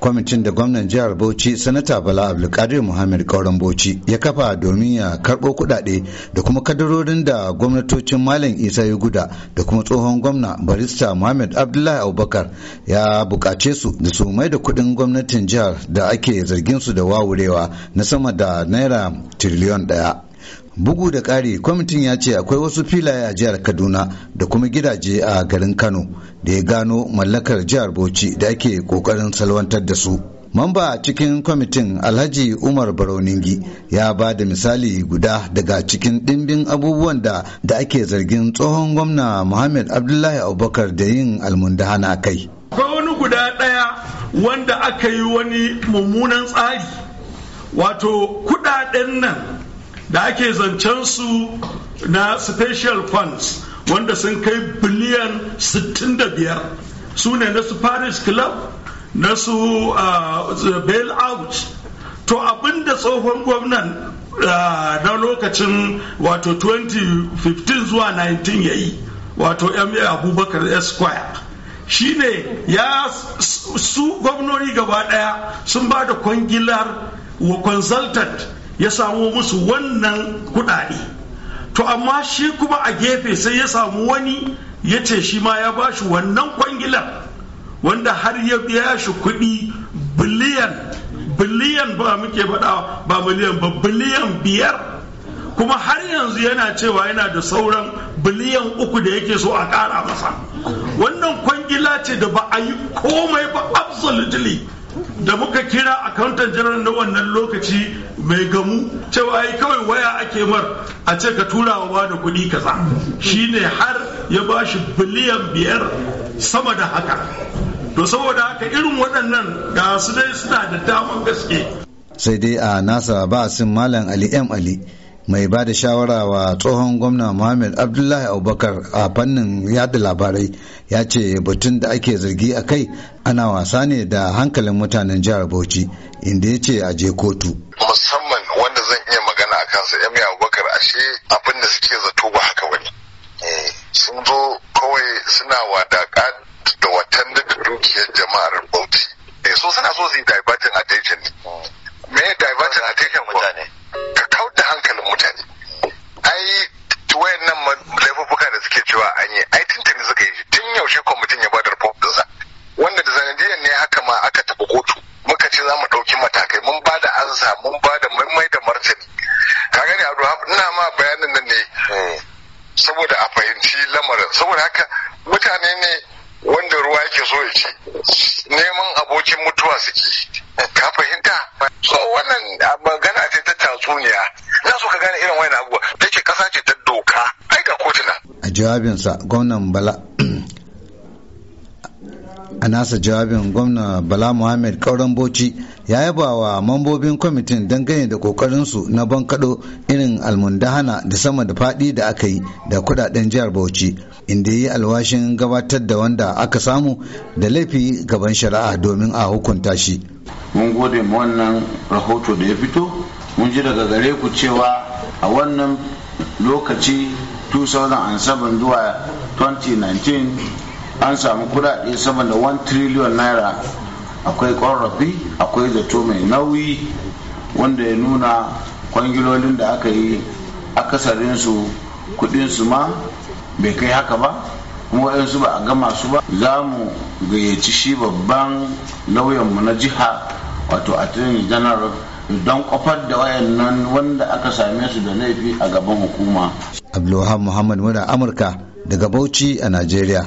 kwamitin da gwamnan jihar bauchi sanata bala abdulkadir muhammad kauran bauchi ya kafa domin ya karɓo kuɗaɗe da kuma kadarorin da gwamnatocin malam isa ya guda da kuma tsohon gwamna barista muhammad abdullahi abubakar ya bukace su da su mai da kuɗin gwamnatin jihar da ake zargin su da wawurewa na sama da naira tiriliyon ɗaya bugu da ƙari kwamitin ya ce akwai wasu filaye a jihar kaduna da kuma gidaje a garin kano da ya gano mallakar jihar bauchi da ake ƙoƙarin salwantar da su mamba cikin kwamitin alhaji umar barauningi ya ba da misali guda daga cikin ɗimbin abubuwan da da ake zargin tsohon gwamna muhammad abdullahi abubakar da yin almundahana kai wani guda ɗaya wanda aka yi wani mummunan tsari wato kudaden nan da ake zancen su na special funds wanda sun kai biliyan 65 su ne na su paris club na su uh, bail out to abinda tsohon gwamnan uh, na lokacin wato 2015 zuwa 19 ya yi wato ma abubakar esquire shine ya su gwamnoni gaba daya sun ba da kwangilar wa consultant ya samu musu wannan kuɗaɗe to amma shi kuma a gefe sai ya samu wani ya ce shi ma ya ba shi wannan kwangilar wanda har ya biya shi kuɗi biliyan biliyan ba muke faɗa ba miliyan ba biliyan biyar kuma har yanzu yana cewa yana da sauran biliyan uku da yake so a ƙara masa wannan kwangila ce da ba a yi komai ba absolutely da muka kira accountant general na wannan lokaci mai gamu cewa ai kawai waya ake mar a ce ka tura wa da kuɗi kaza shine har ya ba shi biliyan biyar sama da haka to saboda haka irin waɗannan ga su dai suna da damar gaske sai dai a nasa ba sun malam ali m ali mai ba da shawara wa tsohon gwamna Muhammad Abdullahi Abubakar a fannin yada labarai ya ce batun da ake zargi a kai ana wasa ne da hankalin mutanen jihar Bauchi inda ya ce a je kotu. Musamman wanda zan iya magana a kansa mai Abubakar ashe abin da suke zato ba haka bane. Eh, sun zo kawai suna wadaka da watan da dukiyar jama'ar Bauchi. Eh, so suna so su yi diverting attention ne. Mm. Me diverting attention mutane? mun ba da mai da martani ka gani abu ina ma bayanin nan ne hmm. saboda a fahimci lamarin saboda haka mutane ne wanda ruwa yake so ya neman abokin mutuwa suke ka fahimta so wannan magana ce ta tatsuniya na so ka gane irin wani abubuwa da ke kasa ce ta doka ai ga kotuna a jawabinsa gwamnan bala a nasa jawabin gwamna bala muhammed kauran bauchi ya yaba wa mambobin kwamitin dangane da kokarinsu na bankado irin almundahana da sama da fadi da aka yi da kudaden jihar bauchi inda yi alwashin gabatar da wanda aka samu da laifi gaban shari'a domin a hukunta shi mun gode ma wannan rahoto da ya fito mun ji daga gare ku cewa a wannan lokaci 2007 zuwa 2019 an samu kudade sama da 1 trillion naira akwai ƙorafi akwai zato mai nauyi wanda ya nuna kwangilolin da aka yi akasarinsu su ma bai kai haka ba kuma waɗansu ba a gama su ba za mu gayyaci shi babban lauyanmu na jiha wato attorney janar don kofar da wayannan wanda aka same su da laifi a gaban hukuma abdulwahab muhammad muna amurka daga bauchi a najeriya